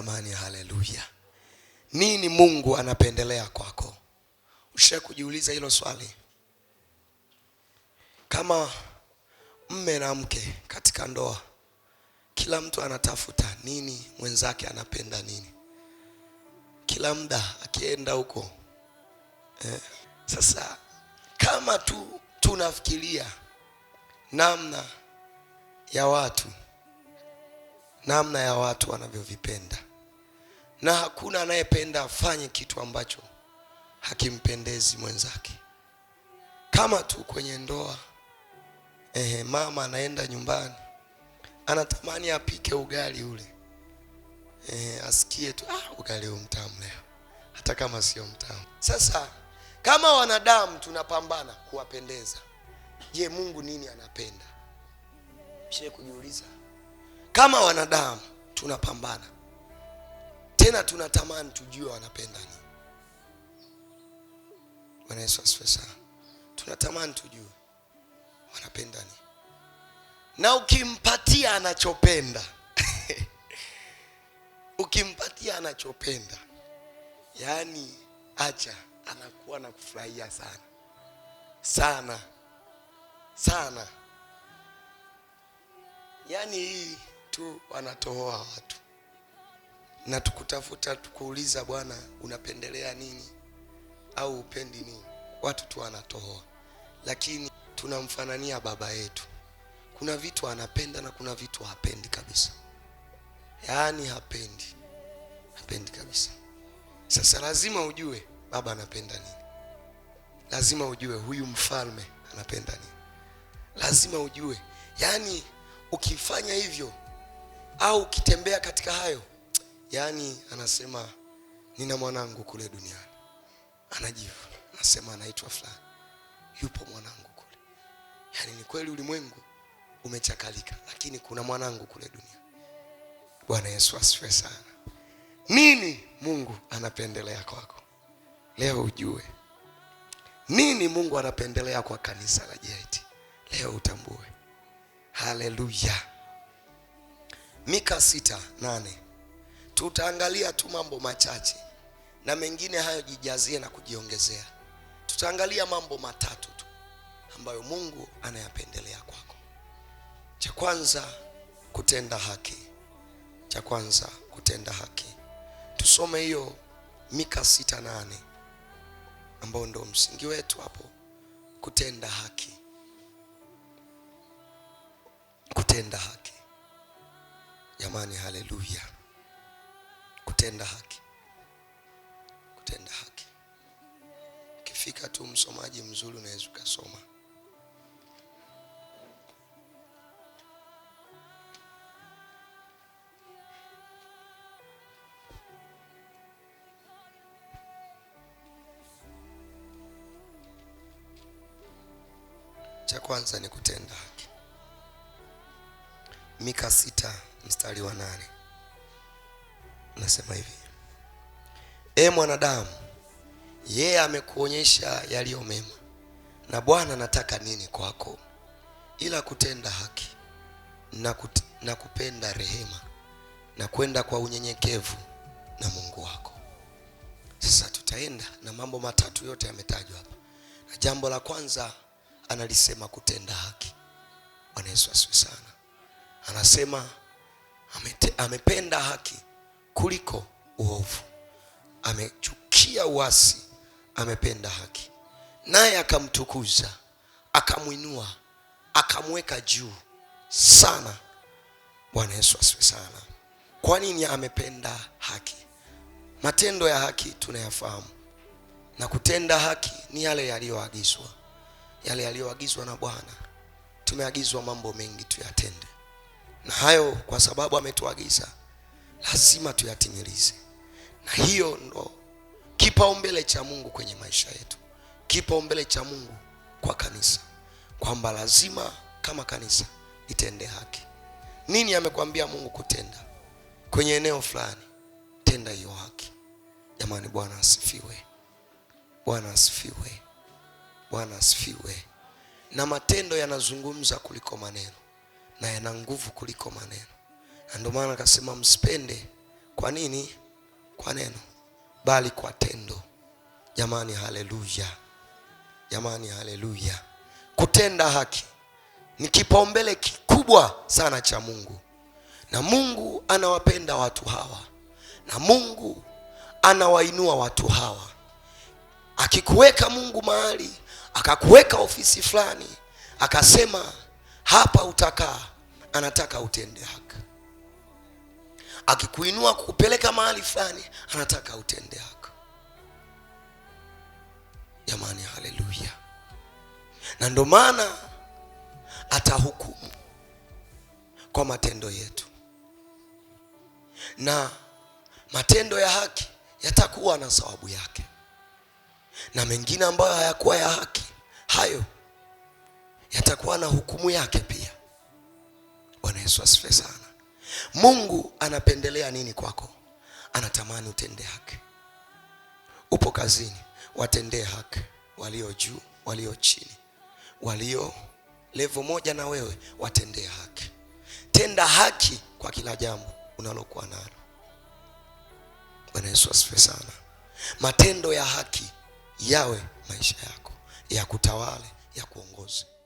Jamani, haleluya! Nini Mungu anapendelea kwako? Ushae kujiuliza hilo swali? Kama mme na mke katika ndoa, kila mtu anatafuta nini mwenzake anapenda nini, kila muda akienda huko eh. Sasa kama tu tunafikiria namna ya watu namna ya watu wanavyovipenda na hakuna anayependa afanye kitu ambacho hakimpendezi mwenzake, kama tu kwenye ndoa. Ehe, mama anaenda nyumbani, anatamani apike ugali ule, ehe, asikie tu ah, ugali huu mtamu leo, hata kama sio mtamu. Sasa kama wanadamu tunapambana kuwapendeza, je, Mungu nini anapenda? Mshie kujiuliza, kama wanadamu tunapambana tena tunatamani tujue wanapenda nini. Bwana Yesu asifiwe sana. Tunatamani tujue wanapenda nini, na ukimpatia anachopenda ukimpatia anachopenda, yaani acha, anakuwa na kufurahia sana sana sana, yaani hii tu wanatoa watu na tukutafuta tukuuliza, Bwana unapendelea nini au upendi nini? Watu tu wanatohoa, lakini tunamfanania baba yetu. Kuna vitu anapenda na kuna vitu hapendi kabisa, yaani hapendi, hapendi kabisa. Sasa lazima ujue baba anapenda nini, lazima ujue huyu mfalme anapenda nini, lazima ujue. Yaani ukifanya hivyo au ukitembea katika hayo Yaani anasema nina mwanangu kule duniani, anajifu anasema anaitwa fulani, yupo mwanangu kule. Yaani ni kweli ulimwengu umechakalika, lakini kuna mwanangu kule duniani. Bwana Yesu asifiwe sana. Nini Mungu anapendelea kwako leo? Ujue nini Mungu anapendelea kwa kanisa la JIT leo, utambue. Haleluya. Mika sita nane Tutaangalia tu mambo machache na mengine hayo jijazie na kujiongezea. Tutaangalia mambo matatu tu ambayo Mungu anayapendelea kwako. Cha kwanza kutenda haki, cha kwanza kutenda haki. Tusome hiyo Mika sita nane ambao ndio msingi wetu hapo. Kutenda haki, kutenda haki. Jamani, haleluya! kutenda haki, kutenda haki. Ukifika tu msomaji mzuri, unaweza ukasoma Cha kwanza ni kutenda haki. Mika sita mstari wa nane. Anasema hivi, e mwanadamu, yeye amekuonyesha yaliyo mema, na Bwana anataka nini kwako ila kutenda haki na, kut na kupenda rehema na kwenda kwa unyenyekevu na Mungu wako. Sasa tutaenda na mambo matatu yote yametajwa hapa, na jambo la kwanza analisema kutenda haki. Bwana Yesu sana. Anasema amete, amependa haki kuliko uovu, amechukia uasi, amependa haki. Naye akamtukuza, akamwinua, akamweka juu sana. Bwana Yesu asifiwe sana. Kwa nini? Amependa haki. Matendo ya haki tunayafahamu, na kutenda haki ni yale yaliyoagizwa, yale yaliyoagizwa na Bwana. Tumeagizwa mambo mengi tuyatende, na hayo kwa sababu ametuagiza lazima tuyatimilize, na hiyo ndo kipaumbele cha Mungu kwenye maisha yetu, kipaumbele cha Mungu kwa kanisa, kwamba lazima kama kanisa itende haki. Nini amekwambia Mungu kutenda kwenye eneo fulani? Tenda hiyo haki. Jamani, Bwana asifiwe! Bwana asifiwe! Bwana asifiwe! Na matendo yanazungumza kuliko maneno na yana nguvu kuliko maneno na ndio maana akasema msipende kwa nini? Kwa neno, bali kwa tendo. Jamani, haleluya! Jamani, haleluya! Kutenda haki ni kipaumbele kikubwa sana cha Mungu, na Mungu anawapenda watu hawa, na Mungu anawainua watu hawa. Akikuweka Mungu mahali, akakuweka ofisi fulani, akasema hapa utakaa, anataka utende haki akikuinua kukupeleka mahali fulani, anataka utende hako. Jamani, haleluya! Na ndo maana atahukumu kwa matendo yetu, na matendo ya haki yatakuwa na sawabu yake, na mengine ambayo hayakuwa ya haki, hayo yatakuwa na hukumu yake pia. Bwana Yesu asifiwe sana. Mungu anapendelea nini kwako? Anatamani utende haki. Upo kazini, watendee haki walio juu, walio chini, walio levo moja na wewe, watendee haki. Tenda haki kwa kila jambo unalokuwa nalo. Bwana Yesu asifiwe sana. Matendo ya haki yawe maisha yako, ya kutawale, ya kuongoza.